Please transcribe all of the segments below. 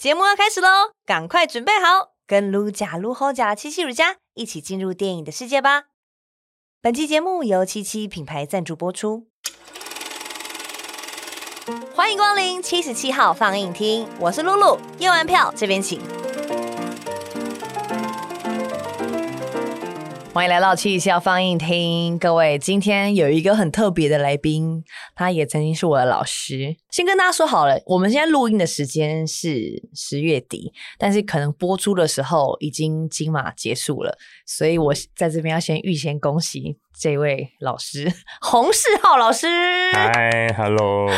節目要開始嘍，趕快準備好，跟乳加、乳厚加、七七乳加一起進入電影的世界吧！本期節目由七七品牌贊助播出。歡迎光臨七十七號放映廳，我是露露，驗完票，這邊請。歡迎來到七十七號放映廳，各位，今天有一個很特別的來賓，他也曾經是我的老師。先跟大家說好了，我們現在錄音的時間是十月底，但是可能播出的時候已經金馬結束了，所以我在這邊要先預先恭喜這位老師洪昰顥老師。Hi，Hello，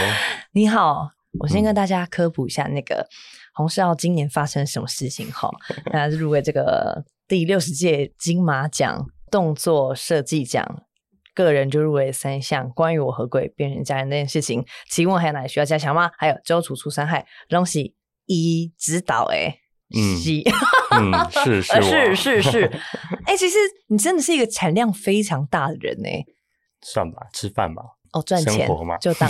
你好。我先跟大家科普一下，那個洪昰顥今年發生什麼事情哈？他 入圍這個。第六十屆金馬獎動作設計獎，個人就入圍三項。關於我和鬼變成家人那件事情，請問還有哪裡需要加強嗎？還有周處除三害，都是他指導的哎，嗯，是是是是是，哎、 欸，其實你真的是一個產量非常大的人哎，欸，算吧，吃飯吧。哦，賺錢就當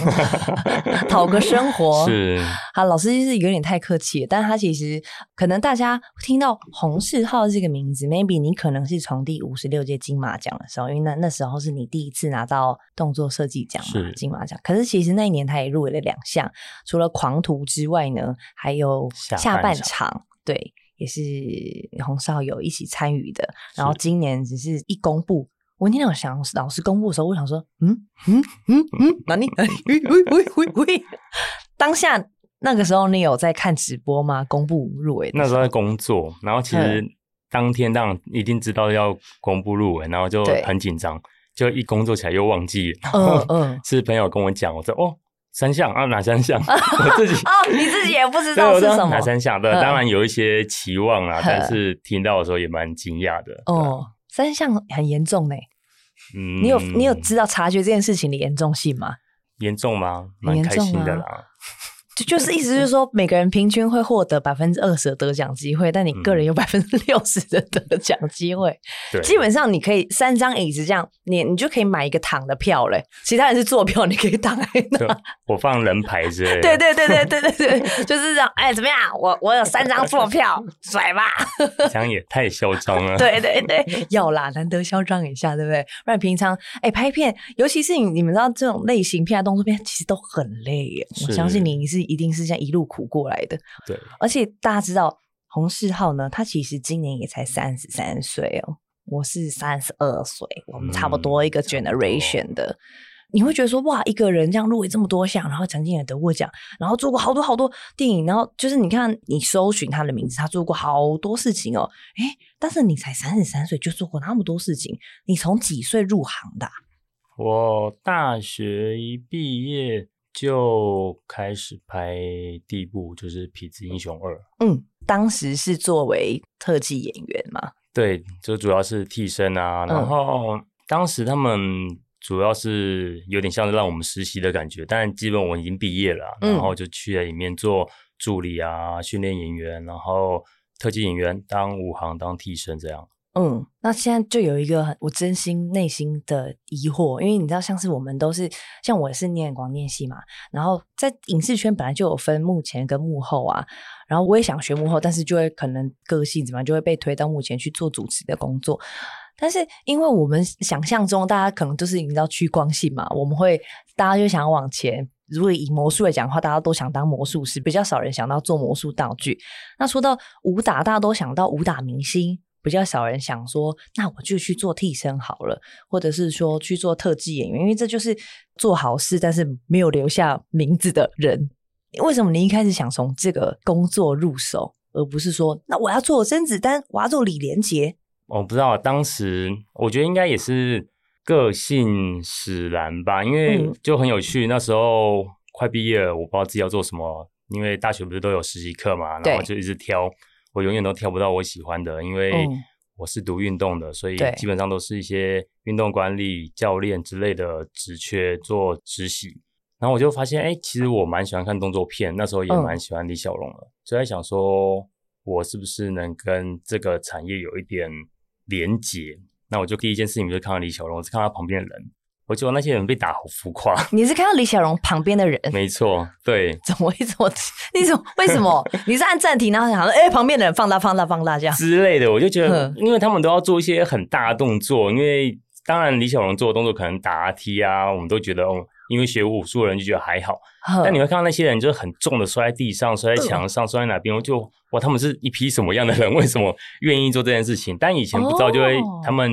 討個生活是。好，老師就是有點太客氣了，但是他其實可能大家聽到洪昰顥這個名字，maybe 你可能是從第五十六屆金馬獎的時候，因為那那時候是你第一次拿到動作設計獎嘛，是金馬獎。可是其實那一年他也入圍了兩項，除了狂徒之外呢，還有下半場，場對，也是洪少有一起參與的。然後今年只是一公布，我那天有想老師公布的時候，我想說，嗯嗯嗯嗯，哪裡哪裡？喂喂喂喂喂！當下那個時候，你有在看直播嗎？公布入圍？那時候在工作，然後其實當天當然一定知道要公布入圍，然後就很緊張，對就一工作起來又忘記。嗯嗯，嗯是朋友跟我講，我說哦，三項啊，哪三項？ 我自己 哦，你自己也不知道是什麼？哪三項？對、嗯、當然有一些期望啦、啊，嗯、但是聽到的時候也蠻驚訝的。哦、嗯，對三項很嚴重呢、欸。嗯，你有你有知道察覺這件事情的嚴重性嗎？嚴重嗎？蠻開心的啦。就就是意思就是說，每個人平均會獲得百分之二十的得獎機會，但你個人有百分之六十的得獎機會。嗯、基本上你可以三張椅子這樣，你你就可以買一個躺的票嘞。其他人是坐票，你可以躺在那。我放人牌是不是？ 對對對對對對對，就是這樣。哎、欸，怎麼樣？我我有三張坐票，甩吧！這樣也太囂張了。對對對，要啦，難得囂張一下，對不對？不然平常哎、欸、拍片，尤其是你你們知道這種類型片的動作片其實都很累耶。我相信你是。一定是這樣一路苦過來的。對，而且大家知道洪昰顥呢，他其實今年也才三十三歲哦。我是三十二歲，我們差不多一個 generation 的。嗯嗯。你會覺得說，哇，一個人這樣入圍這麼多項，然後曾經也得過獎，然後做過好多好多電影，然後就是你看你搜尋他的名字，他做過好多事情哦。哎，但是你才三十三歲就做過那麼多事情，你從幾歲入行的啊？我大學一畢業。就開始拍第一部，就是《痞子英雄二》。嗯，當時是作為特技演員嘛？對，就主要是替身啊。然後當時他們主要是有點像是讓我們實習的感覺，但基本我已經畢業了，然後就去了裡面做助理啊，嗯、訓練演員，然後特技演員當武行、當替身這樣。嗯，那現在就有一個我真心內心的疑惑，因為你知道，像是我們都是像我也是念廣電系嘛，然後在影視圈本來就有分幕前跟幕後啊，然後我也想學幕後，但是就會可能個性怎麼樣就會被推到幕前去做主持的工作，但是因為我們想象中大家可能就是你知道趨光性嘛，我們會大家就想要往前，如果以魔術來講的話，大家都想當魔術師，比較少人想到做魔術道具。那說到武打，大家都想到武打明星。比較少人想說，那我就去做替身好了，或者是說去做特技演員，因為這就是做好事但是沒有留下名字的人。為什麼你一開始想從這個工作入手，而不是說那我要做甄子丹，我要做李連杰？我、哦、不知道，當時我覺得應該也是個性使然吧，因為就很有趣。嗯、那時候快畢業了，我不知道自己要做什麼，因為大學不是都有實習課嘛，然後就一直挑。我永遠都挑不到我喜歡的，因為我是讀運動的，嗯、所以基本上都是一些運動管理、對教練之類的職缺做執行，然後我就發現，哎、欸，其實我蠻喜歡看動作片，那時候也蠻喜歡李小龍的，嗯、就在想說，我是不是能跟這個產業有一點連結？那我就第一件事情就是看到李小龍，我是看到他旁邊的人。我就那些人被打好浮誇， 你是看到李小龍旁邊的人？沒錯，對，怎麼為什麼？為什麼？ 你是按暫停，然後想說，哎、欸，旁邊的人放大放大放大這樣之類的。我就覺得，因為他們都要做一些很大的動作，嗯、因為當然李小龍做的動作可能打啊踢啊，我們都覺得哦，因為學武術的人就覺得還好。嗯、但你會看到那些人就是很重的摔在地上、摔在牆上、摔在哪邊，我就哇，他們是一批什麼樣的人？為什麼願意做這件事情？但以前不知道，就會、哦、他們。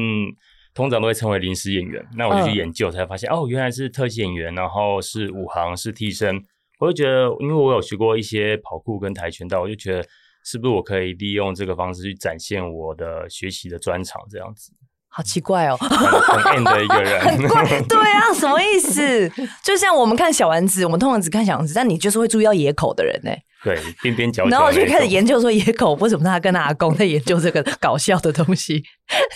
通常都會稱為臨時演員，那我就去研究，才發現、嗯、哦，原來是特技演員，然後是武行，是替身。我就覺得，因為我有學過一些跑酷跟跆拳道，我就覺得是不是我可以利用這個方式去展現我的學習的專長？這樣子好奇怪哦，很怪，對啊，什麼意思？ 就像我們看小丸子，我們通常只看小丸子，但你就是會注意到野口的人呢。對，邊邊角角，然後我就開始研究說野狗為什麼他跟他阿公在研究這個搞笑的東西，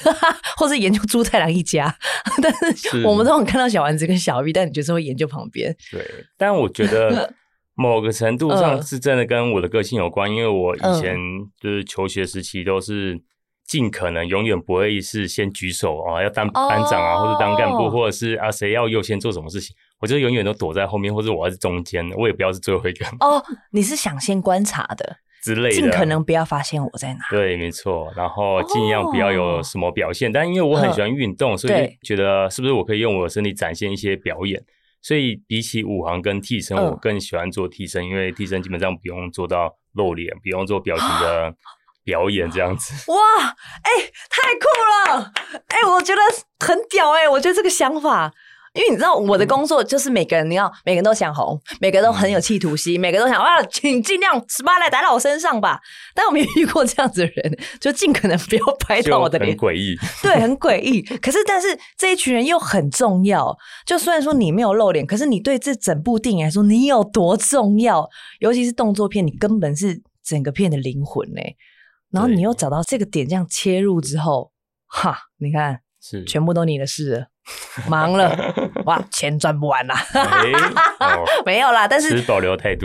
哈哈，或是研究豬太郎一家， 但是我們都很看到小丸子跟小玉，但你就是會研究旁邊。對，但我覺得某個程度上是真的跟我的個性有關， 呃、因為我以前就是求學時期都是。盡可能永遠不會是先舉手啊，要當班長啊，oh. 或者當幹部，或者是啊誰要優先做什麼事情，我就永遠都躲在後面，或者我要是中間，我也不要是最後一個。哦，oh, 你是想先觀察的之類的，盡可能不要發現我在哪裡？對，沒錯。然後盡量不要有什麼表現，oh. 但因為我很喜歡運動，uh. 所以覺得是不是我可以用我的身體展現一些表演？對所以比起武行跟替身，uh. 我更喜歡做替身，因為替身基本上不用做到露臉，uh. 不用做表情的。Oh. 表演這樣子哇，哎、欸，太酷了，哎、欸，我覺得很屌哎、欸，我覺得這個想法，因為你知道我的工作就是每個人，嗯、你要每個人都想紅，每個人都很有企圖心、嗯、每個人都想哇，請儘量十八來打到我身上吧。但我沒遇過這樣子的人，就尽可能不要拍到我的臉，很詭異，對，很詭異。 可是但是這一群人又很重要，就雖然說你沒有露臉，可是你對這整部電影來說你有多重要？尤其是動作片，你根本是整個片的靈魂嘞、欸。然後你又找到這個點，這樣切入之後，對哈，你看，是全部都你的事了，忙了， 哇，錢賺不完啦， 欸哦、 沒有啦，但是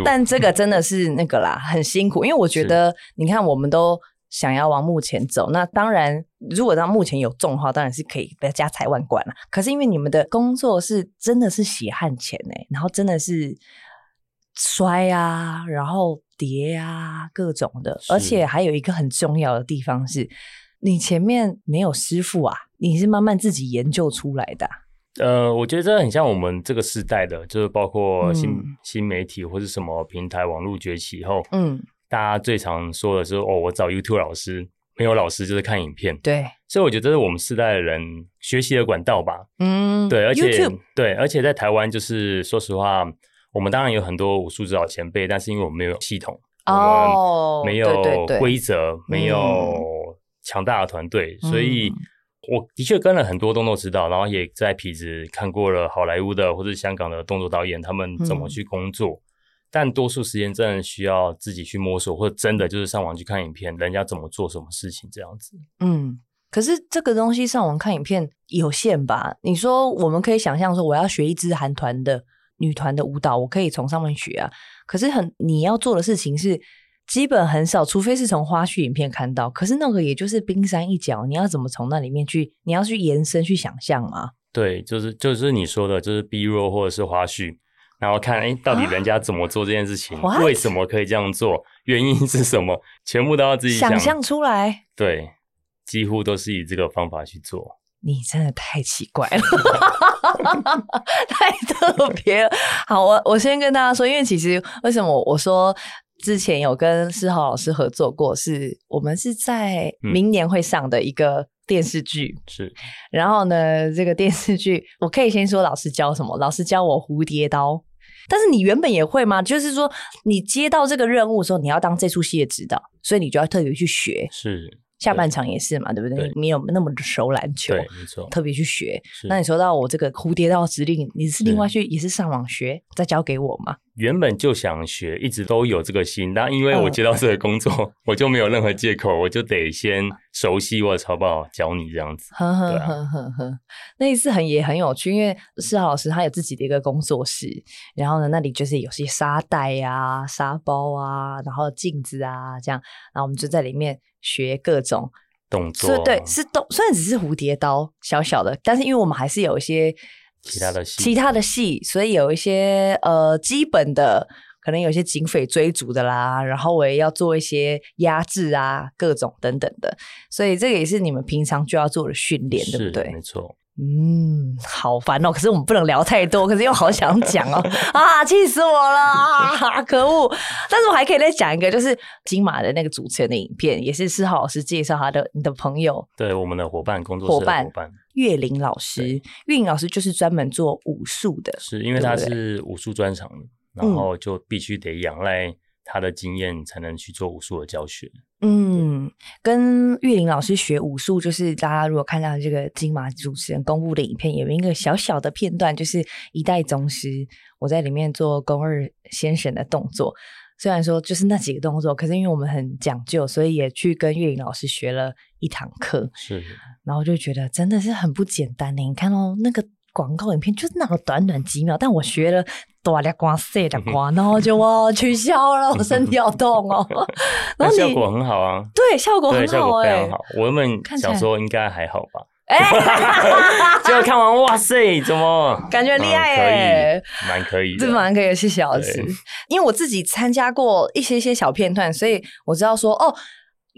但這個真的是那個啦，很辛苦，因為我覺得，是你看，我們都想要往目前走，那當然，如果到目前有重的話，當然是可以，不要家財萬貫了。可是因為你們的工作是真的是血汗錢呢、欸，然後真的是摔啊，然後。碟啊，各種的，而且還有一個很重要的地方是，是你前面沒有師傅啊，你是慢慢自己研究出來的、啊。呃，我覺得很像我們這個世代的、嗯、就是包括新新媒體或是什麼平台網絡崛起以後，嗯，大家最常說的是哦，我找 YouTube 老師，沒有老師就是看影片，對。所以我覺得這是我們世代的人學習的管道吧。嗯，對，而且 YouTube? 對，而且在台灣就是說實話。我們當然有很多武術指導前輩，但是因為我們沒有系統，哦，oh, 沒有規則，對對對沒有強大的團隊，嗯、所以我的確跟了很多動作指導，嗯、然後也在皮子看過了好萊塢的或者香港的動作導演他們怎麼去工作，嗯、但多數時間真的需要自己去摸索，或者真的就是上網去看影片，人家怎麼做什麼事情這樣子。嗯，可是這個東西上網看影片有限吧？你說我們可以想象說，我要學一支韓團的。女團的舞蹈，我可以從上面學啊。可是很，你要做的事情是基本很少，除非是從花絮影片看到。可是那個也就是冰山一角，你要怎麼從那裡面去？你要去延伸去想象？嗎？對，就是就是你說的，就是 B roll 或者是花絮，然後看，哎、欸，到底人家怎麼做這件事情，啊、為什麼可以這樣做，原因是什麼，全部都要自己想象出來。對，幾乎都是以這個方法去做。你真的太奇怪了。 太特別了，好，我我先跟大家說，因為其實為什麼我我說之前有跟昰顥老師合作過，是，我們是在明年會上的一個電視劇，嗯，是。然後呢，這個電視劇我可以先說老師教什麼，老師教我蝴蝶刀，但是你原本也會嗎？就是說你接到這個任務的時候，你要當這出戲的指導，所以你就要特別去學，是。下半場也是嘛，對,對不對？你沒有那麼熟籃球，對特別去學。那你說到我這個蝴蝶刀指令，是你是另外去也是上網學對再教給我嗎？原本就想學，一直都有這個心，但因為我接到這個工作，嗯、 我就沒有任何借口，我就得先熟悉我的，嗯、不好教你這樣子。呵呵呵呵呵，啊、那一次很也很有趣，因為世豪老師他有自己的一個工作室，然後呢，那裡就是有些沙袋啊、沙包啊，然後鏡子啊這樣，然後我們就在裡面學各種動作，對，是刀，雖然只是蝴蝶刀小小的，但是因為我們還是有一些。其他的戲，其他的戲，所以有一些呃基本的，可能有些警匪追逐的啦，然後我也要做一些壓制啊，各種等等的，所以這個也是你們平常就要做的訓練，是對不對？沒錯。嗯，好煩哦，喔！可是我們不能聊太多，可是又好想講哦，喔、 啊，氣死我了 啊！可惡！但是我還可以再講一個，就是金馬的那個主持人的影片，也是昰顥老師介紹他的，你的朋友對我們的夥伴，工作夥伴岳林老師，岳林對老師就是專門做武術的，是因為他是武術專長，對對，然後就必須得仰賴他的經驗才能去做武術的教學。嗯，跟岳林老師學武術，就是大家如果看到這個金馬主持人公布的影片，有一個小小的片段，就是一代宗師，我在裡面做宮二先生的動作。雖然說就是那幾個動作，可是因為我們很講究，所以也去跟岳林老師學了一堂課。是，是，然後就覺得真的是很不簡單呢。你看哦，那個。廣告影片就是那個短短幾秒，但我學了，大力光、細力光，然後我就我取消了，我身體好痛哦。那效果很好啊，對，效果很好、欸，效果非常好，看起來我原本想說應該還好吧，哎、欸， 結果看完，哇塞，怎麼感覺厲害、欸嗯？可以，蠻可以的，這蠻可以，謝謝老師。對因為我自己參加過一些些小片段，所以我知道說哦。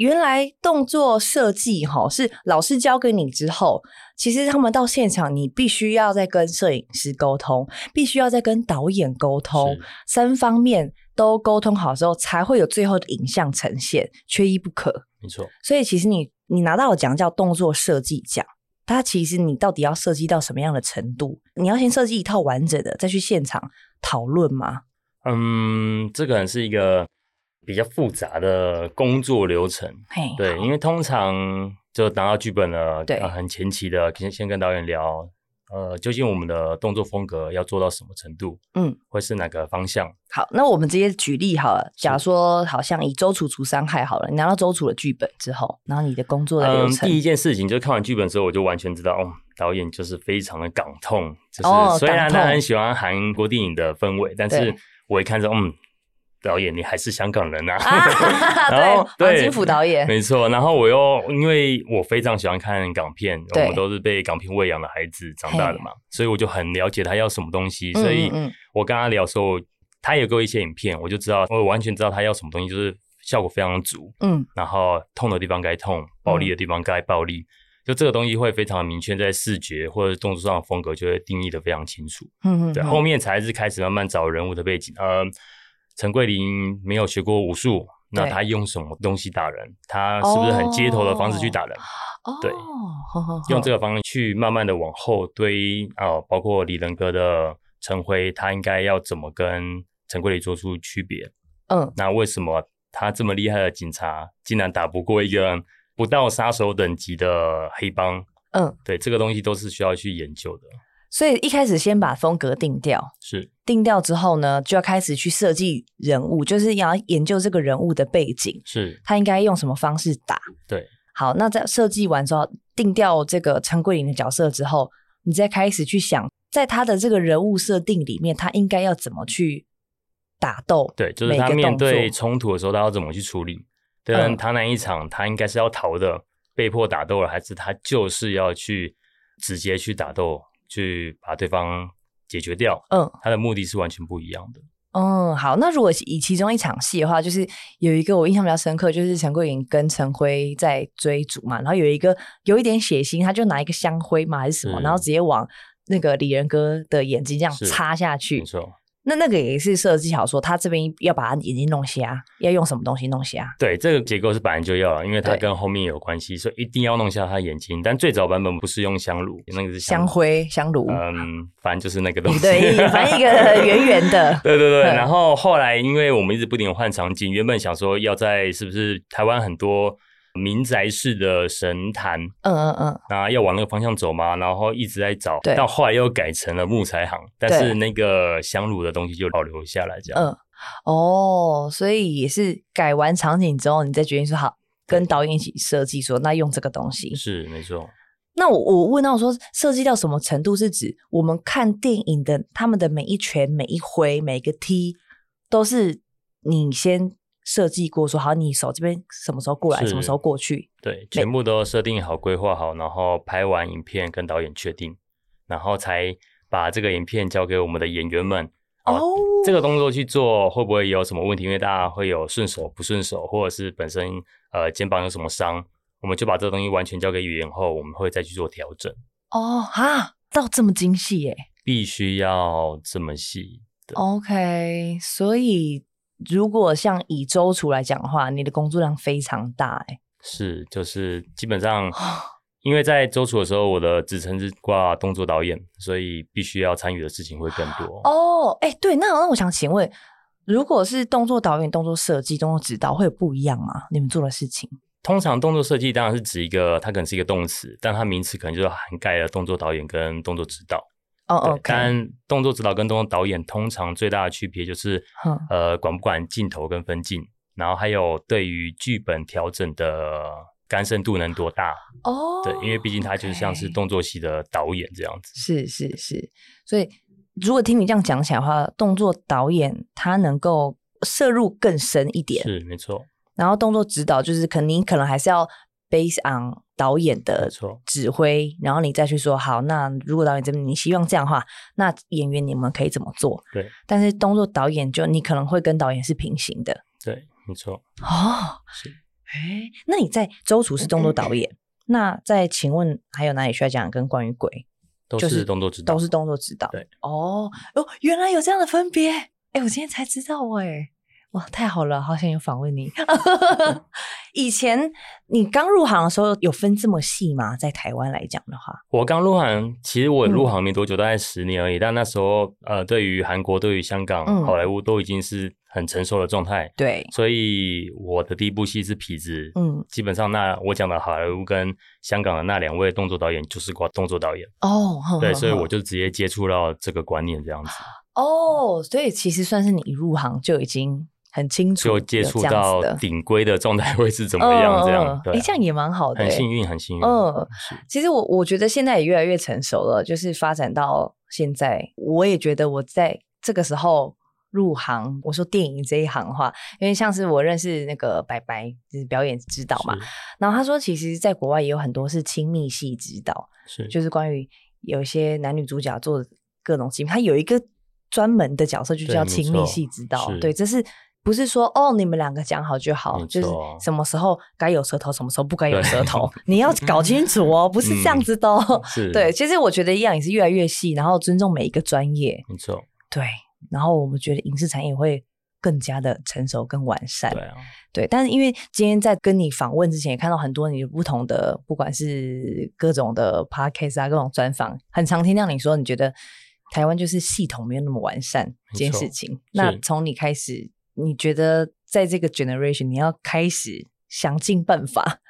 原來動作設計吼是老師教給你之後，其實他們到現場，你必須要再跟攝影師溝通，必須要再跟導演溝通，是三方面都溝通好之後，才會有最後的影像呈現，缺一不可。沒錯，所以其實你你拿到的獎叫動作設計獎，它其實你到底要設計到什麼樣的程度？你要先設計一套完整的，再去現場討論嗎？嗯，這個是一個。比較複雜的工作流程，嘿對，好因為通常就拿到劇本了，對、呃，很前期的，先先跟導演聊，呃，究竟我們的動作風格要做到什麼程度？嗯，會是哪個方向？好，那我們直接舉例好了，假如說好像以周處除三害好了，是你拿到周處的劇本之後，然後你的工作的流程、嗯，第一件事情就是看完劇本之後，我就完全知道，哦、導演就是非常的港痛，就是、哦、雖然他痛很喜歡韓國電影的氛圍，但是我一看到，嗯。導演，你還是香港人啊？然後對，精甫導演，沒錯。然後我又因為我非常喜歡看港片，我們都是被港片餵養的孩子長大的嘛，所以我就很了解他要什麼東西。所以，我跟他聊的時候，他也給我一些影片，我就知道我完全知道他要什麼東西，就是效果非常足。嗯，然後痛的地方該痛，暴力的地方該暴力，就這個東西會非常明確，在視覺或者動作上的風格就會定義的非常清楚。嗯嗯，對，後面才是開始慢慢找人物的背景。嗯陳桂林沒有學過武術，那他用什麼東西打人？對他是不是很街頭的方式去打人？Oh, 對，oh, oh, oh, 用這個方式去慢慢的往後堆啊、哦，包括李仁哥的陳輝，他應該要怎麼跟陳桂林做出區別？嗯，那為什麼他這麼厲害的警察，竟然打不過一個不到殺手等級的黑幫？嗯，對，這個東西都是需要去研究的。所以一開始先把風格定掉。是。定調之後呢，就要開始去設計人物，就是要研究這個人物的背景，是他應該用什麼方式打。對，好，那在設計完之後，定掉這個陳桂林的角色之後，你再開始去想，在他的這個人物設定裡面，他應該要怎麼去打鬥？對，就是他面對衝突的時候，他要怎麼去處理？對、嗯、他那一場，他應該是要逃的，被迫打鬥了，還是他就是要去直接去打鬥，去把對方？解決掉，嗯，他的目的是完全不一樣的。嗯，好，那如果以其中一場戲的話，就是有一個我印象比較深刻，就是陳桂林跟陳輝在追逐嘛，然後有一個有一點血腥，他就拿一個香灰嘛還是什麼，是然後直接往那個李仁哥的眼睛這樣插下去。沒錯。那那個也是設計好說，他這邊要把眼睛弄瞎，要用什麼東西弄瞎？對，這個結構是本來就要了，因為它跟後面有關係，對所以一定要弄瞎他眼睛。但最早版本不是用香爐，那個是香，香灰香爐，嗯，反正就是那個東西，對，反正一個圓圓的。對對對。然後後來因為我們一直不停換場景，原本想說要在是不是台灣很多。民宅式的神壇，嗯嗯嗯，那要往那個方向走嘛，然後一直在找，對到後來又改成了木材行，對但是那個香爐的東西就保留下來，這樣。嗯，哦，所以也是改完場景之後，你再決定說好，對跟導演一起設計，說那用這個東西是沒錯。那我我問到我說，設計到什麼程度？是指我們看電影的他們的每一拳、每一揮、每一個踢，都是你先設計過說好，你手這邊什麼時候過來，是什麼時候過去？對，全部都設定好、規劃好，然後拍完影片跟導演確定，然後才把這個影片交給我們的演員們哦，哦，這個動作去做會不會有什麼問題？因為大家會有順手不順手，或者是本身呃肩膀有什麼傷，我們就把這東西完全交給語言後，我們會再去做調整。哦，啊，到這麼精細耶，必須要這麼細。對。OK，所以。如果像以周處來講的話，你的工作量非常大欸。是，就是基本上，因為在周處的時候，我的職稱是掛動作導演，所以必須要參與的事情會更多哦。哎、欸，對，那那我想請問，如果是動作導演、動作設計、動作指導，會有不一樣嗎？你們做的事情？通常動作設計當然是指一個，它可能是一個動詞，但它名詞可能就涵蓋了動作導演跟動作指導。哦，哦、oh, okay，看動作指導跟動作導演通常最大的區別就是，嗯、呃，管不管鏡頭跟分鏡，然後還有對於劇本調整的干涉度能多大？哦，oh, okay. 對，因為畢竟他就是像是動作戲的導演這樣子。是是是，所以如果聽你這樣講起來的話，動作導演他能夠涉入更深一點，是沒錯。然後動作指導就是，可能你可能還是要。Based on 導演的指揮，沒錯，然後你再去說好。那如果導演這麼你希望這樣的話，那演員你們可以怎麼做？對。但是動作導演就你可能會跟導演是平行的。對，沒錯。哦。是。哎、欸，那你在周處是動作導演。嗯、那在，請問還有哪裡需要講？跟關於鬼都是動作指導，就是都是動作指導。對哦。哦，原來有這樣的分別。哎、欸，我今天才知道、欸，哎。哇，太好了！好想要訪問你。 以前你剛入行的時候，有分這麼細嗎？在台灣來講的話，我剛入行，其實我入行沒多久，大概十年而已。嗯、但那時候，呃，對於韓國、對於香港、嗯、好萊塢，都已經是很成熟的狀態。對，所以我的第一部戲是痞子。嗯，基本上，那我講的好萊塢跟香港的那兩位動作導演，就是管動作導演。哦，呵呵對，所以我就直接接觸到這個觀念，這樣子。哦，所以其實算是你一入行就已經。很清楚，就接觸到頂規的狀態會是怎麼樣這樣。哎，這樣也蠻好的，欸很幸運，很幸運，很幸運。嗯，其實我我覺得現在也越來越成熟了，就是發展到現在，我也覺得我在這個時候入行，我說電影這一行的話，因為像是我認識那個白白，就是表演指導嘛，是然後他說，其實在國外也有很多是親密戲指導，是就是關於有些男女主角做各種，他有一個專門的角色就叫親密戲指導，對，對，這是。不是說哦，你們兩個講好就好，錯就是什麼時候該有舌頭，什麼時候不該有舌頭，對你要搞清楚哦， 不是這樣子的。哦。嗯、對，其實我覺得一樣，也是越來越細，然後尊重每一個專業。沒錯錯。對，然後我們覺得影視產業會更加的成熟，跟完善。對，啊、對。但是因為今天在跟你訪問之前，也看到很多你的不同的，不管是各種的 podcast 啊，各種專訪，很常聽到你說，你覺得台灣就是系統沒有那麼完善這件事情。那從你開始。你覺得在這個 generation，你要開始想盡辦法，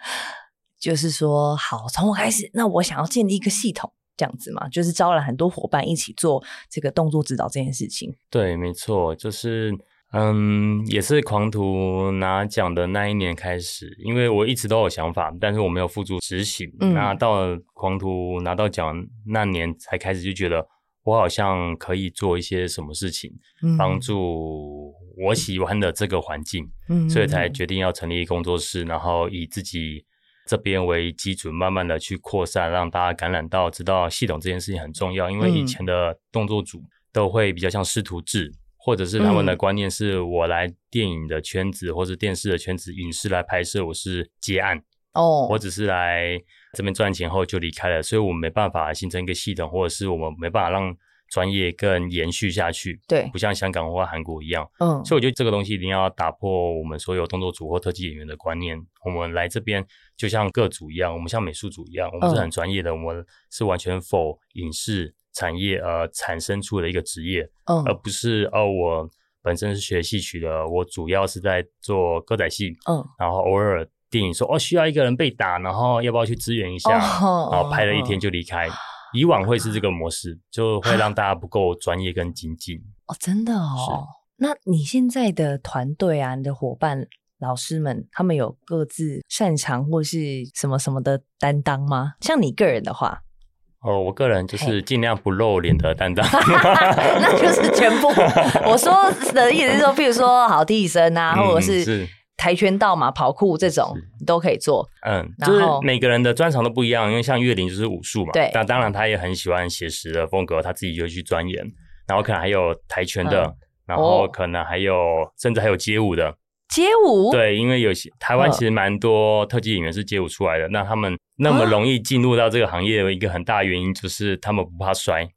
就是說好，從我開始，那我想要建立一個系統，這樣子嘛，就是招了很多夥伴一起做這個動作指導這件事情。對，沒錯，就是嗯，也是狂徒拿獎的那一年開始，因為我一直都有想法，但是我沒有付諸執行。嗯，拿到狂徒拿到獎那年，才開始就覺得。我好像可以做一些什麼事情，嗯、幫助我喜歡的這個環境，嗯、所以才決定要成立工作室，嗯、然後以自己這邊為基礎，慢慢的去擴散，讓大家感染到，知道系統這件事情很重要。因為以前的動作組都會比較像師徒制，嗯、或者是他們的觀念是我來電影的圈子，或是電視的圈子，影視來拍攝，我是接案哦，我只是來。這邊賺錢後就離開了，所以我們沒辦法形成一個系統，或者是我們沒辦法讓專業更延續下去。對，不像香港或韓國一樣。嗯，所以我覺得這個東西一定要打破我們所有動作組或特技演員的觀念。我們來這邊就像各組一樣，我們像美術組一樣，我們是很專業的，嗯、我們是完全否影視產業而產生出的一個職業，嗯、而不是哦、呃、我本身是學戲曲的，我主要是在做歌仔戲，嗯，然後偶爾。電影說哦，需要一個人被打，然後要不要去支援一下？Oh, 然後拍了一天就離開。Oh, oh, oh. 以往會是這個模式，就會讓大家不夠專業跟精進。哦，oh, 真的哦。是那你現在的團隊啊，你的夥伴、老師們，他們有各自擅長或是什麼什麼的擔當嗎？像你個人的話，哦，我個人就是盡量不露臉的擔當， 那就是全部。我說的意思、就是說，譬如說好替身啊，或者是、嗯。是跆拳道嘛，跑酷這種你是都可以做。嗯，然後就是每個人的專長都不一樣，因為像岳林就是武術嘛，對，那當然他也很喜歡寫實的風格，他自己就去鑽研，然後可能還有跆拳的。嗯、然後可能還有、嗯、甚至還有街舞的，街舞，對，因為有些台灣其實蠻多特技演員是街舞出來的。嗯、那他們那麼容易進入到這個行業有、嗯、一個很大原因就是他們不怕摔。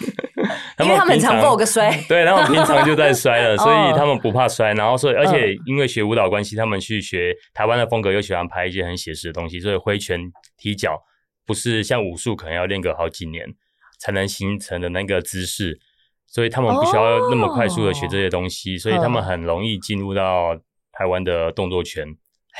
因為他們很常抱個摔，對，然後平常就在摔了， 所以他們不怕摔。然後所以，而且因為學舞蹈關係，他們去學台灣的風格，又喜歡拍一些很寫實的東西，所以揮拳踢腳不是像武術可能要練個好幾年才能形成的那個姿勢，所以他們不需要那麼快速的學這些東西，哦、所以他們很容易進入到台灣的動作圈，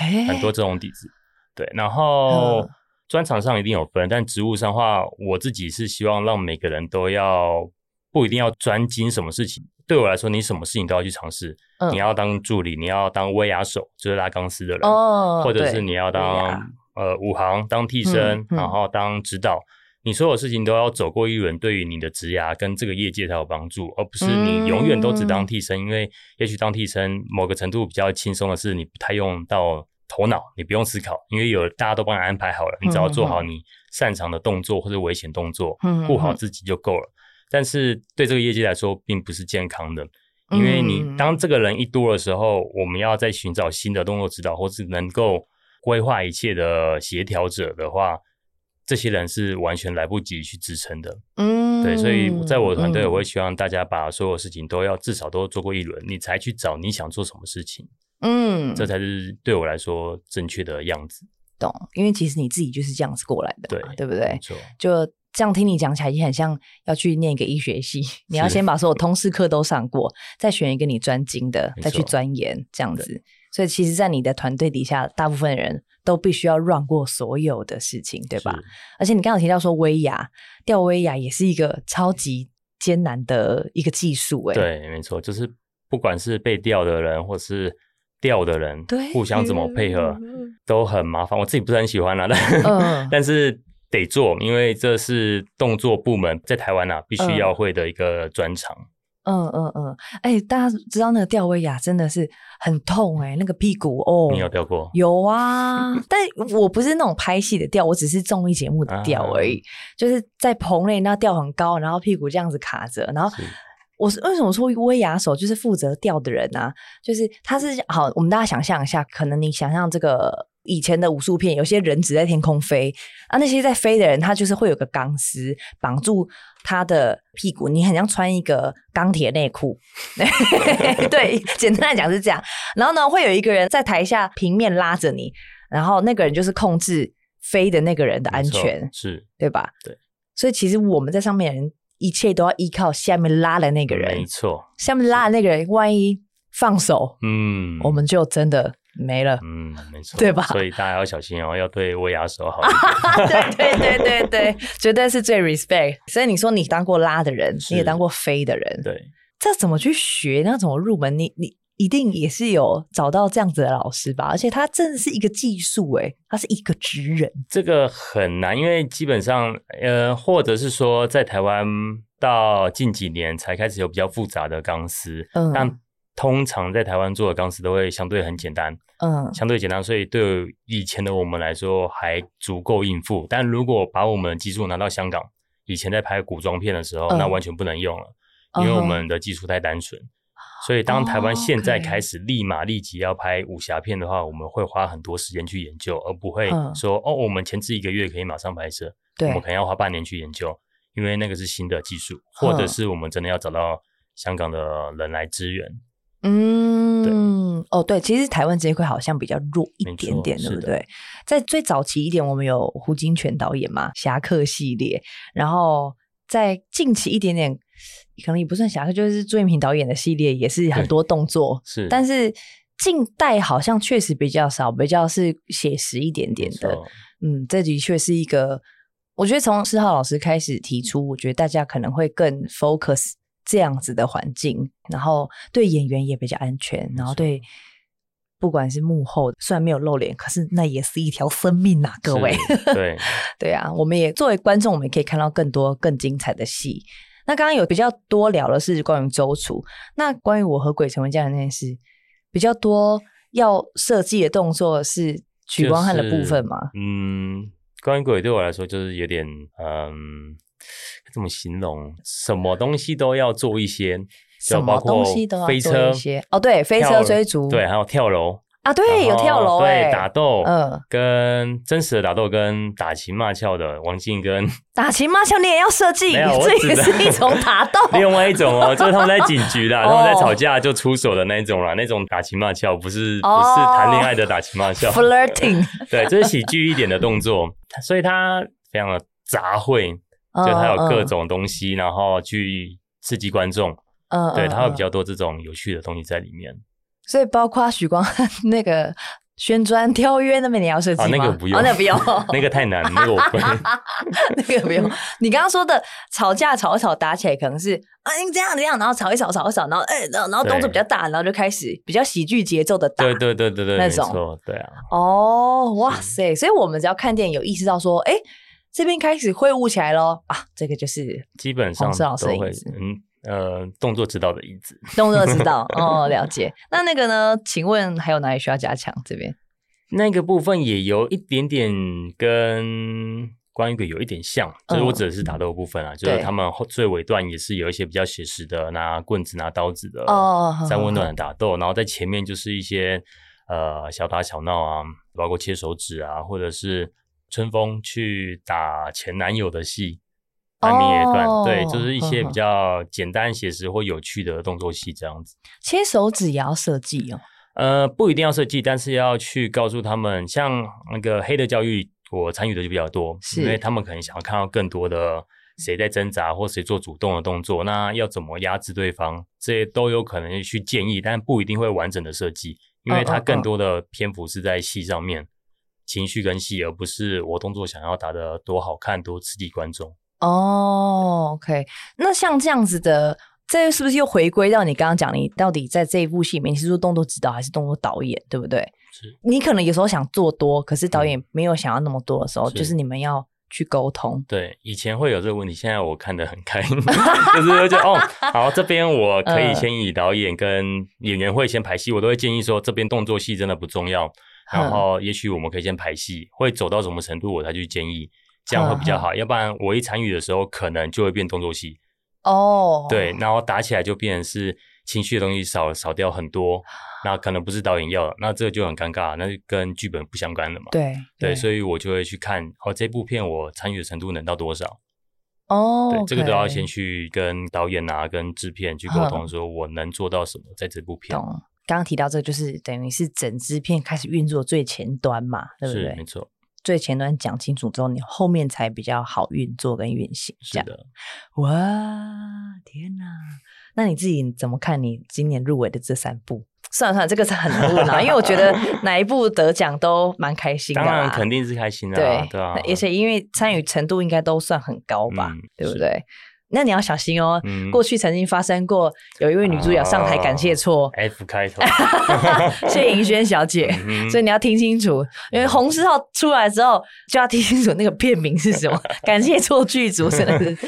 欸、很多這種底子。對，然後專長、嗯、上一定有分，但職務上的話，我自己是希望讓每個人都要。不一定要專精什麼事情。對我來說，你什麼事情都要去嘗試。嗯、你要當助理，你要當威亞手，就是拉鋼絲的人，哦、或者是你要當對呃武行、當替身，嗯嗯、然後當指導，你所有事情都要走過一輪，對於你的職涯跟這個業界才有幫助，而不是你永遠都只當替身。嗯、因為也許當替身某個程度比較輕鬆的是，你不太用到頭腦，你不用思考，因為有大家都幫你安排好了，你只要做好你擅長的動作或者危險動作，嗯嗯、顧好自己就夠了。但是對這個業績來說，並不是健康的，因為你當這個人一多的時候，嗯、我們要再尋找新的動作指導，或是能夠規劃一切的協調者的話，這些人是完全來不及去支撐的。嗯，對，所以在我的團隊，我會希望大家把所有事情都要至少都做過一輪，嗯、你才去找你想做什麼事情。嗯，這才是對我來說正確的樣子。懂？因為其實你自己就是這樣子過來的，對，對不對？沒錯，就。這樣聽你講起來，你很像要去念一個醫學系。你要先把所有通識課都上過，是再選一個你專精的，錯再去鑽研這樣子。對所以，其實，在你的團隊底下，大部分人都必須要 run 過所有的事情，對吧？是而且，你剛剛有提到說威亞吊威亞也是一個超級艱難的一個技術，欸。哎，對，沒錯，就是不管是被吊的人，或是吊的人，對互相怎麼配合都很麻煩。我自己不是很喜歡啦，啊，但、呃、但是。得做，因為這是動作部門在台灣啊必須要會的一個專長。嗯嗯嗯，哎、嗯嗯欸，大家知道那個吊威亞真的是很痛哎、欸，那個屁股哦，你有吊過？有啊， 但我不是那種拍戲的吊，我只是綜藝節目的吊而已，啊、就是在棚內那吊很高，然後屁股這樣子卡着，然後。我是為什麼說威亞手就是負責吊的人啊？就是他是好，我們大家想象一下，可能你想象這個以前的武術片，有些人只在天空飛，啊，那些在飛的人，他就是會有個鋼絲綁住他的屁股，你很像穿一個鋼鐵內褲。對, 對，簡單來講是這樣。然後呢，會有一個人在台下平面拉着你，然後那個人就是控制飛的那個人的安全，是對吧？對，所以其實我們在上面的人。一切都要依靠下面拉的那個人，沒錯。下面拉的那個人，萬一放手，嗯，我們就真的沒了，嗯，沒錯，對吧？所以大家要小心哦，要對威亞手好。 對對對對對，絕對是最 respect。 所以你說你當過拉的人，是你也當過飛的人，對，這怎麼去學？那怎麼入門？你你。一定也是有找到這樣子的老師吧，而且他真的是一個技術，誒，他是一個職人。這個很難，因為基本上，呃，或者是說，在台灣到近幾年才開始有比較複雜的鋼絲，嗯，但通常在台灣做的鋼絲都會相對很簡單，嗯，相對簡單，所以對以前的我們來說還足夠應付。但如果把我們的技術拿到香港，以前在拍古裝片的時候，嗯、那完全不能用了，嗯、因為我們的技術太單純。嗯所以，當台灣現在開始立馬立即要拍武俠片的話，哦 okay、我們會花很多時間去研究，而不會說、嗯、哦，我們前置一個月可以馬上拍攝，對我們可能要花半年去研究，因為那個是新的技術，或者是我們真的要找到香港的人來支援。嗯，對哦，對，其實台灣這一塊好像比較弱一點點，對不對？在最早期一點，我們有胡金铨導演嘛，《俠客》系列，然後在近期一點點。可能也不算俠客，就是朱延平導演的系列也是很多動作，是。但是近代好像確實比較少，比較是寫實一點點的。錯嗯，這的確是一個，我覺得從四號老師開始提出，我覺得大家可能會更 focus 這樣子的環境，然後對演員也比較安全，然後對不管是幕後的，雖然沒有露臉，可是那也是一條生命吶、啊，各位。對 對啊，我們也作為觀眾，我們也可以看到更多更精彩的戲。那剛剛有比較多聊的是關於周處，那關於我和鬼成為家人的那件事，比較多要設計的動作是許光漢的部分嗎？就是，嗯，關於鬼對我來說就是有點嗯，怎麼形容？什麼東西都要做一些，什麼東西都要做一些哦，對，飛車追逐，對，還有跳樓。啊，對，有跳樓，對，打鬥，嗯，跟真實的打鬥，跟打情罵俏的王靜跟打情罵俏，你也要設計，這也是一種打鬥，另外一種哦，就是他們在警局啦，他們在吵架就出手的那一種啦，那種打情罵俏不是不是談戀愛的打情罵俏，flirting，對，這是喜劇一點的動作，所以它非常的雜燴，就它有各種東西，然後去刺激觀眾，嗯，對，它會比較多這種有趣的東西在裡面。所以包括許光漢那個旋轉跳躍那邊你要設計嗎？啊？那個不用，哦、那個、不用， 那個太難了，那個 那個不用。你剛剛說的吵架吵一吵打起來可能是啊，你這樣這樣，然後吵一吵吵一吵，然後哎，然、欸、後然後動作比較大，對然後就開始比較喜劇節奏的打，對對對對對，那種，對啊。哦，oh, 哇塞！所以我們只要看電影有意識到說，哎是、欸，這邊開始會晤起來嘍啊，這個就是色色基本上都會，嗯。呃，動作指導的影子，動作指導哦， 了解。那那個呢？請問還有哪裡需要加強？這邊那個部分也有一點點跟《關於鬼》有一點像，嗯、就是我指的是打鬥部分啊，對就是他們後最尾段也是有一些比較寫實的拿棍子、拿刀子的哦，在溫暖的打鬥，嗯、然後在前面就是一些呃小打小鬧啊，包括切手指啊，或者是春風去打前男友的戲。短片也斷，oh, 對，就是一些比較簡單、寫實或有趣的動作戲這樣子。切手指也要設計哦。呃，不一定要設計，但是要去告訴他們，像那個《黑的教育》，我參與的就比較多，是因為他們可能想要看到更多的誰在掙扎，或誰做主動的動作，那要怎麼壓制對方，這些都有可能去建議，但不一定會完整的設計，因為它更多的篇幅是在戲上面，oh, oh, oh. 情緒跟戲，而不是我動作想要打得多好看、多刺激觀眾。哦、oh，OK，那像這樣子的，這是不是又回歸到你剛剛講，你到底在這一部戲裡面，你是做動作指導還是動作導演，對不對？是。你可能有時候想做多，可是導演沒有想要那麼多的時候，嗯、就是你們要去溝通。對，以前會有這個問題，現在我看得很開心， 就是就覺得哦，好，這邊我可以先以導演跟演員會先排戲，我都會建議說，這邊動作戲真的不重要，嗯、然後也許我們可以先排戲，會走到什麼程度，我才去建議。這樣會比較好，uh, 要不然我一參與的時候，可能就會變動作戲哦。Oh. 對，然後打起來就變成是情緒的東西少少掉很多，那可能不是導演要的，那這個就很尷尬，那就跟劇本不相干了嘛。對對，對，所以我就會去看哦，這部片我參與的程度能到多少？哦，oh, okay. 對，這個都要先去跟導演啊、跟製片去溝通，說我能做到什麼在這部片。剛剛提到這就是等於是整支片開始運作最前端嘛，對不對？沒錯。最前端講清楚之後，你後面才比較好運作跟運行這樣。是的，哇天哪！那你自己怎麼看你今年入圍的這三部？算了算了，這個是很困難啊， 因為我覺得哪一部得獎都蠻開心的、啊。當然肯定是開心的、啊，對對啊。而且因為參與程度應該都算很高吧？嗯、對不對？那你要小心哦。過去曾經發生過，有一位女主角上台感謝錯，F 開頭，謝盈萱小姐。所以你要聽清楚，因為紅字號出來之後就要聽清楚那個片名是什麼。感謝錯劇組真的是，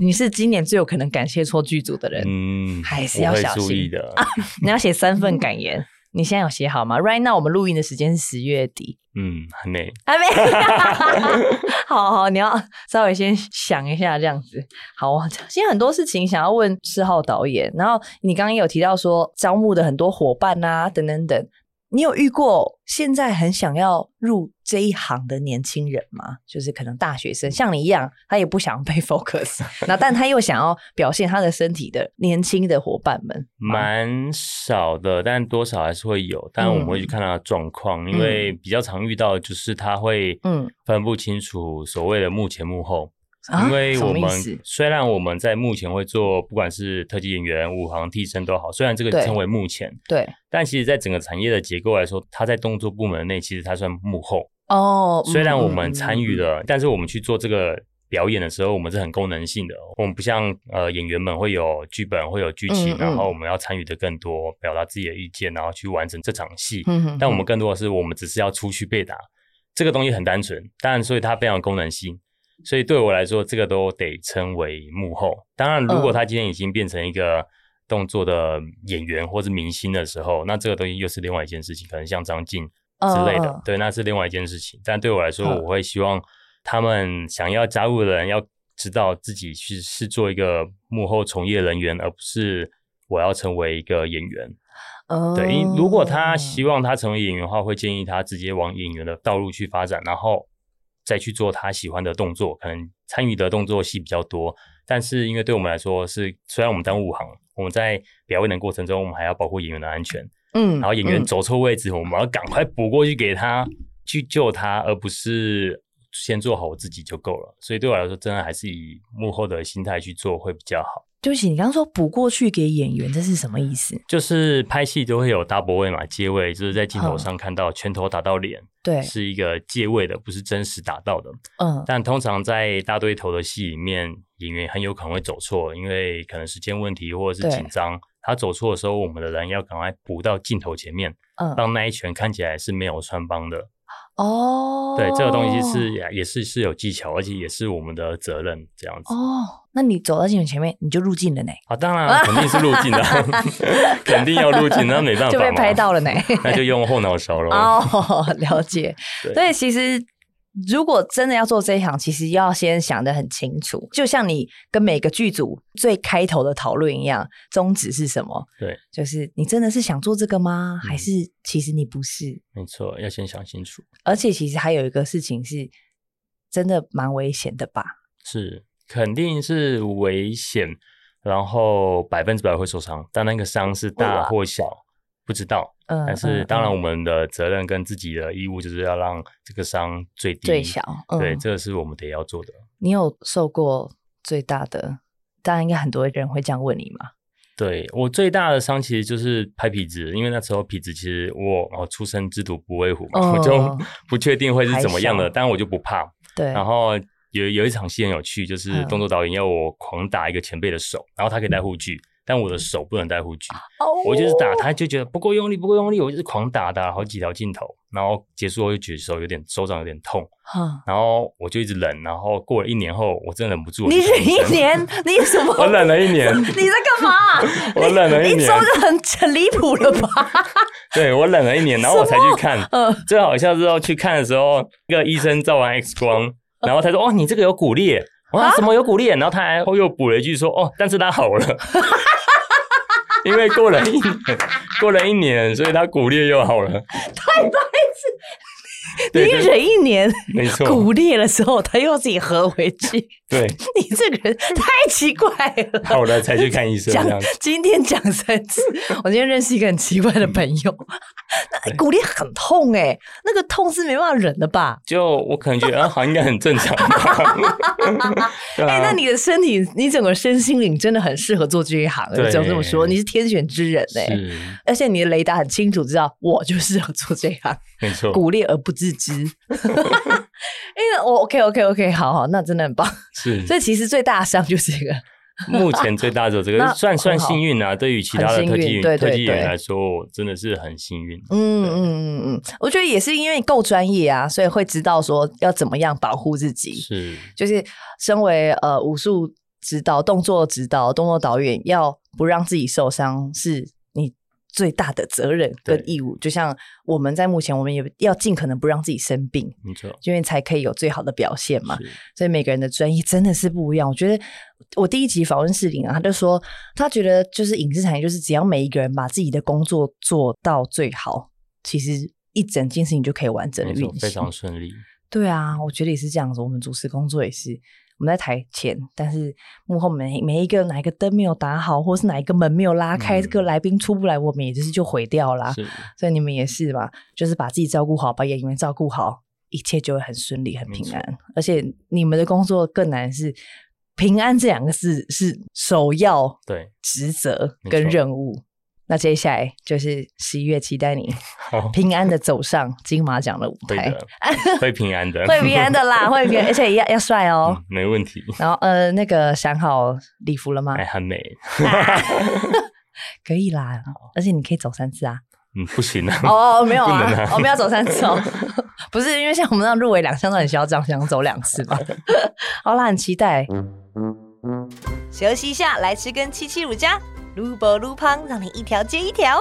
你是今年最有可能感謝錯劇組的人，還是要小心的。你要寫三份感言。你現在有寫好嗎？Right now，我們錄音的時間是十月底。嗯，還沒，還 沒。好好，你要稍微先想一下這樣子。好，我現在很多事情想要問四號導演。然後你剛剛也有提到說招募的很多夥伴啊，等等等。你有遇過現在很想要入這一行的年輕人嗎？就是可能大學生，像你一樣，他也不想被 focus，那 但他又想要表現他的身體的年輕的夥伴們，蠻少的，但多少還是會有。但我們會去看他的狀況。嗯、因為比較常遇到的就是他會嗯分不清楚所謂的幕前幕後。因為我們雖然我們在幕前會做，不管是特技演員、武行、替身都好，雖然這個稱為幕前，對，但其實在整個產業的結構來說，它在動作部門內其實它算幕後哦。雖然我們參與的，但是我們去做這個表演的時候，我們是很功能性的。我們不像呃演員們會有劇本、會有劇情，然後我們要參與的更多，表達自己的意見，然後去完成這場戲。但我們更多的是，我們只是要出去被打，這個東西很單純，但所以它非常功能性。所以對我來說，這個都得稱為幕後。當然，如果他今天已經變成一個動作的演員或者明星的時候，嗯、那這個東西又是另外一件事情，可能像張晉之類的，哦、對，那是另外一件事情。嗯、但對我來說，我會希望他們想要加入的人，要知道自己是是做一個幕後從業人員，而不是我要成為一個演員。嗯、對，因如果他希望他成為演員的話，會建議他直接往演員的道路去發展，然後。再去做他喜歡的動作，可能參與的動作戲比較多。但是因為對我們來說是，雖然我們當武行，我們在表演的過程中，我們還要保護演員的安全。嗯，然後演員走錯位置，我們要趕快補過去給他、嗯、去救他，而不是先做好我自己就夠了。所以對我來說，真的還是以幕後的心態去做會比較好。對不起，你剛剛說補過去給演員，這是什麼意思？就是拍戲都會有打補位嘛，借位，就是在鏡頭上看到拳頭打到臉，對，是一個借位的，不是真實打到的。嗯，但通常在大對頭的戲裡面，演員很有可能會走錯，因為可能時間問題或者是緊張，對他走錯的時候，我們的人要趕快補到鏡頭前面，嗯，讓那一拳看起來是沒有穿幫的。哦，oh, 對，這個東西是也是是有技巧，而且也是我們的責任這樣子。哦，oh, 那你走到鏡頭前面，你就入鏡了呢。啊，當然肯定是入鏡的， 肯定要入鏡，那沒辦法就被拍到了呢。 那就用後腦勺咯。哦，oh, 了解。所以 對其實。如果真的要做這一行，其實要先想得很清楚，就像你跟每個劇組最開頭的討論一樣，宗旨是什麼？對，就是你真的是想做這個嗎？嗯、還是其實你不是？沒錯，要先想清楚。而且其實還有一個事情是，真的蠻危險的吧？是，肯定是危險，然後百分之百會受傷，但那個傷是大或小，不過啊，不知道。嗯，但是當然，我們的責任跟自己的義務就是要讓這個傷最低、最小，嗯、對，這個是我們得要做的。你有受過最大的？當然，應該很多人會這樣問你嘛。對，我最大的傷其實就是拍痞子，因為那時候痞子其實我哦，我初生之犢不畏虎，嗯、我就不確定會是怎麼樣的，想但我就不怕。對。然後有有一場戲很有趣，就是動作導演要我狂打一個前輩的手，嗯、然後他可以戴護具。嗯但我的手不能戴護具，oh. 我就是打他，他就覺得不夠用力，不夠用力，我就是狂打打好幾條鏡頭，然後結束後就覺得手有點，手掌有點痛，Huh. 然後我就一直忍，然後過了一年後，我真的忍不住，你忍一年，你什麼？ 我忍了一年，你在幹嘛、啊？ 我忍了一年，就很很離譜了吧？ 對我忍了一年，然後我才去看，嗯，呃、最好像是要去看的時候，一個醫生照完 X 光，然後他說：“哦，你這個有骨裂。”我說：“什麼有骨裂？”然後他還後又補了一句說：“哦，但是他好了。 ” 因為過了一年，過了一年，所以他骨裂又好了。太白癡。你忍一年，骨裂的時候，他又自己合回去。對，你這個人太奇怪了。好的，才去看醫生。講今天講三次，我今天認識一個很奇怪的朋友。骨裂很痛誒，那個痛是沒辦法忍的吧？就我可能覺得啊，好像應該很正常。哈哈哈。哎，那你的身體，你整個身心靈真的很適合做這一行，只能這麼說。你是天選之人哎，而且你的雷達很清楚，知道我就適合做這行。沒錯，骨裂而不自知。知，哎，我 OK OK OK，好好，那真的很棒。是，所以其實最大的傷就是這個。 目前最大的這個算算幸運啊，那對，好對於其他的特技員、特技人來說，真的是很幸運。嗯嗯嗯嗯，我覺得也是因為夠專業啊，所以會知道說要怎麼樣保護自己。是，就是身為呃武術指導、動作指導、動作導演，要不讓自己受傷是最大的責任跟義務，對就像我們在目前，我們也要盡可能不讓自己生病，沒錯錯，因為才可以有最好的表現嘛。是所以每個人的專業真的是不一樣。我覺得我第一集訪問世林啊，他就說他覺得就是影視產業，就是只要每一個人把自己的工作做到最好，其實一整件事情就可以完整的運行，非常順利。對啊，我覺得也是這樣子。我們主持工作也是。我們在台前，但是幕後每每一個哪一個燈沒有打好，或是哪一個門沒有拉開，嗯、這個來賓出不來，我們也就是就毀掉啦。是所以你們也是吧，就是把自己照顧好，把演員照顧好，一切就會很順利、很平安。錯而且你們的工作更難是平安這兩個字是首要對職責跟任務。那接下來就是十一月，期待你平安的走上金馬獎的舞台 會的，會平安的，會平安的啦，會平安，而且要要帥哦。嗯，沒問題。然後呃，那個想好禮服了嗎？還很美， 啊、 可以啦。而且你可以走三次啊，嗯，不行啊哦。哦，沒有啊，我們、哦、要走三次哦， 不是因為像我們那樣入圍兩項都很囂張，想走兩次嘛。 好啦，很期待，嗯、休息一下，來吃根七七乳加。擼薄擼胖，讓你一條接一條。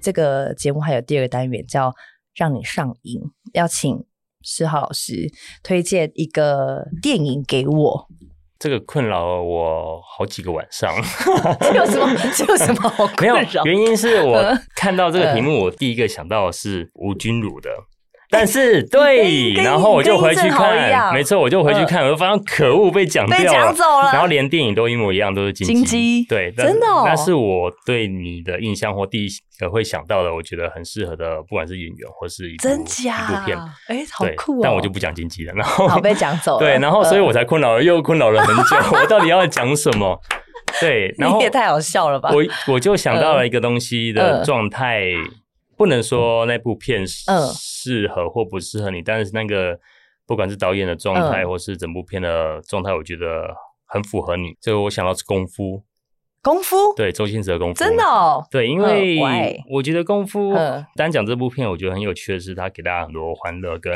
這個節目還有第二個單元，叫“讓你上影”，要請昰顥老師推薦一個電影給我。這個困擾我好幾個晚上。 這有什麼？這有什麼好困擾？ 沒有，原因是我看到這個題目，嗯、我第一個想到的是吳君如的。但是對，然後我就回去看，沒錯，我就回去看，我就發現可惡，被講掉了，被講走了，然後連電影都一模一樣，都是金雞，對，真的哦。那是我對你的印象或第一個會想到的，我覺得很適合的，不管是演員或是真假一部片，哎，好酷啊！但我就不講金雞了，然後被講走了。對，然後所以我才困擾了，又困擾了很久，我到底要講什麼？對，然後。你也太好笑了吧？我我就想到了一個東西的狀態。不能說那部片適合或不適合你，嗯呃、但是那個不管是導演的狀態、呃，或是整部片的狀態，我覺得很符合你。所以，我想要是功夫，功夫？對，周星馳的功夫，真的哦。對，因為我覺得功夫、呃呃、單講這部片，我覺得很有趣的是，它給大家很多歡樂，跟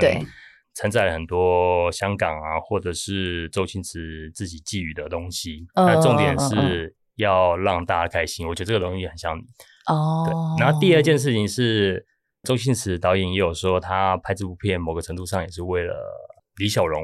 承載了很多香港啊，或者是周星馳自己寄予的東西。那、嗯、重點是要讓大家開心，嗯嗯嗯、我覺得這個東西很像。哦、oh，對，然後第二件事情是，周星馳導演也有說他拍這部片，某個程度上也是為了李小龍。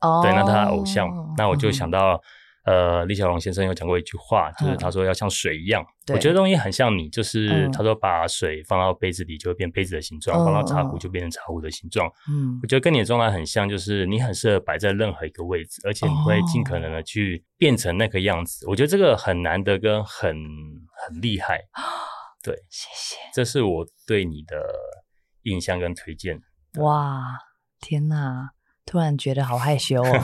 哦，oh, 對，那他的偶像。嗯、那我就想到，呃，李小龍先生有講過一句話，就是他說要像水一樣。嗯、我覺得東西很像你，就是他說把水放到杯子裡就會變杯子的形狀，嗯、放到茶壺就變成茶壺的形狀。嗯，我覺得跟你的狀態很像，就是你很適合擺在任何一個位置，而且你會盡可能的去變成那個樣子。Oh, 我覺得這個很難得，跟很很厲害。對，謝謝，這是我對你的印象跟推薦。哇，天吶，突然覺得好害羞哦！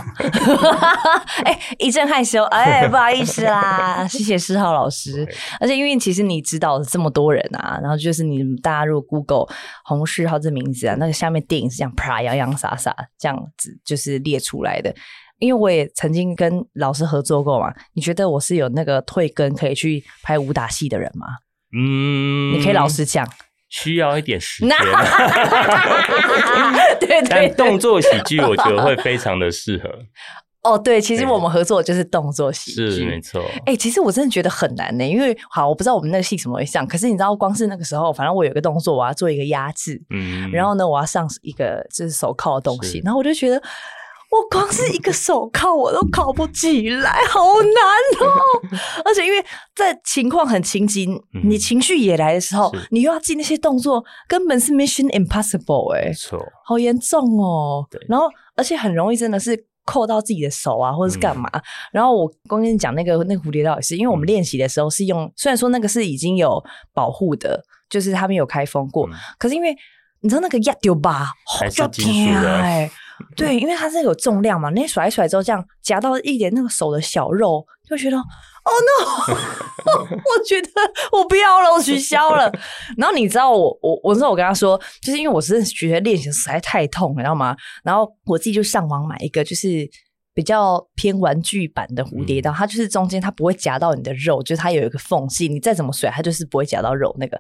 哎、 欸，一陣害羞，哎，哎，不好意思啦， 謝謝昰顥老師。對而且因為其實你知道這麼多人啊，然後就是你大家如果 Google 洪昰顥這名字啊，那個下面電影是這樣啪洋洋灑灑這樣子就是列出來的。因為我也曾經跟老師合作過嘛，你覺得我是有那個退根可以去拍武打戲的人嗎？嗯，你可以老實講，需要一點時間。 對對，對，但動作喜劇我覺得會非常的適合。 哦，對，其實我們合作的就是動作喜劇，是沒錯。哎、欸，其實我真的覺得很難呢、欸，因為好，我不知道我們那個戲怎麼會像，可是你知道，光是那個時候，反正我有個動作，我要做一個壓制，嗯，然後呢，我要上一個就是手銬的東西，是然後我就覺得。我光是一個手銬，我都銬不起來，好難哦！ 而且因為在情況很情急，嗯、哼你情緒也來的時候，是你又要記那些動作，根本是 Mission Impossible 哎、欸，沒錯錯，好嚴重哦、喔！對然後而且很容易真的是扣到自己的手啊，或者是幹嘛。嗯、然後我剛跟你講那個那個蝴蝶刀也是，因為我們練習的時候是用，嗯、雖然說那個是已經有保護的，就是他們有開封過，嗯、可是因為你知道那個壓丟吧，好掉價哎。對，因為它是有重量嘛，你甩一甩之後這樣夾到一點那個手的小肉，就覺得哦、oh、no， 我覺得我不要了，我取消了。然後你知道我我我知道我跟他說，就是因為我是覺得練習實在太痛，你知道嗎？然後我自己就上網買一個，就是。比較偏玩具版的蝴蝶刀，它就是中間它不會夾到你的肉，嗯、就是它有一個縫隙，你再怎麼甩它就是不會夾到肉。那個，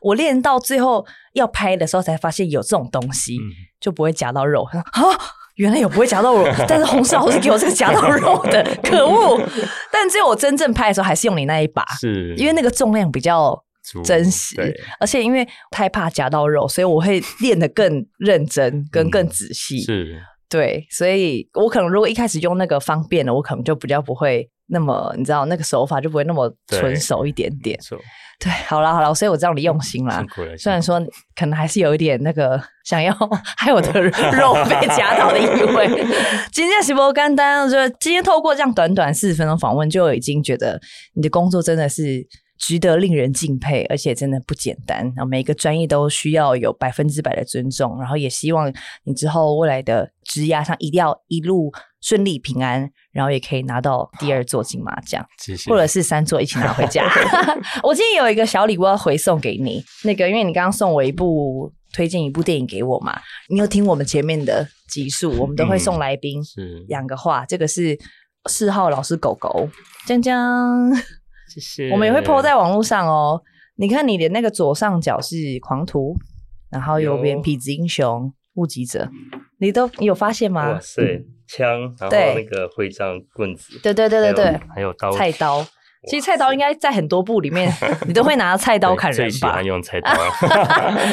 我練到最後要拍的時候才發現有這種東西，嗯、就不會夾到肉。啊、原來有不會夾到肉， 但是紅色老師給我這個夾到肉的， 可惡！但只有我真正拍的時候還是用你那一把，是因為那個重量比較真實，而且因為太怕夾到肉，所以我會練得更認真跟更仔細、嗯。是。對，所以我可能如果一開始用那個方便的，我可能就比較不會那麼，你知道，那個手法就不會那麼純熟一點點。對，對，好了好了，所以我知道你用心啦。了雖然說可能還是有一點那個想要害我的肉， 肉被夾到的意味。今天真的是不簡單，就是今天透過這樣短短四十分鐘訪問，就已經覺得你的工作真的是。值得令人敬佩，而且真的不簡單。然後每個專業都需要有百分之百的尊重。然後也希望你之後未來的職涯上一定要一路順利平安，然後也可以拿到第二座金馬獎，謝謝或者是三座一起拿回家。 我今天有一個小禮物要回送給你，那個因為你剛剛送我一部推薦一部電影給我嘛，你有聽我們前面的集數，我們都會送來賓兩個話、嗯、這個是四號老師狗狗江江。講講謝謝我們也會 po 在網絡上哦。你看，你連那個左上角是狂徒，然後右邊痞子英雄、目擊者，你都你有發現嗎？哇塞，槍、嗯，然後那個徽章對棍子，對對對對對，還有刀菜刀。其實菜刀應該在很多部裡面，你都會拿菜刀砍人吧。最喜歡用菜刀，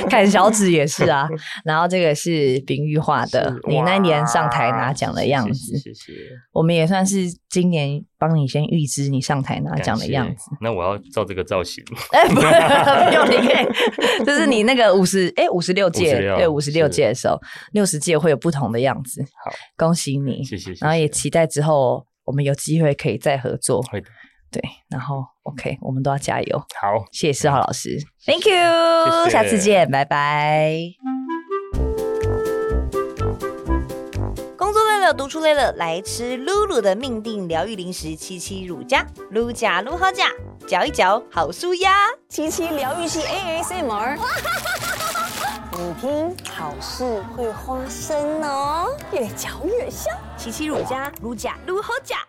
砍小指也是啊。然後這個是冰玉畫的，你那年上台拿獎的樣子。謝謝。我們也算是今年幫你先預知你上台拿獎的樣子。那我要照這個造型？哎，不用，你可以，就是你那個五十，哎五十六屆，對五十六屆的時候，六十屆會有不同的樣子。好，恭喜你，謝謝。然後也期待之後我們有機會可以再合作。會的。對，然後 OK，我們都要加油。好，謝謝昰顥老師謝謝，Thank you，謝謝下次見，拜拜。謝謝工作累了，讀書累了，來吃 Lulu 的命定療癒零食七七乳加，露加露好加，嚼一嚼好舒壓。七七療癒系 ASMR， 你聽好事會發生哦，越嚼越香。七七乳加，露加露好加。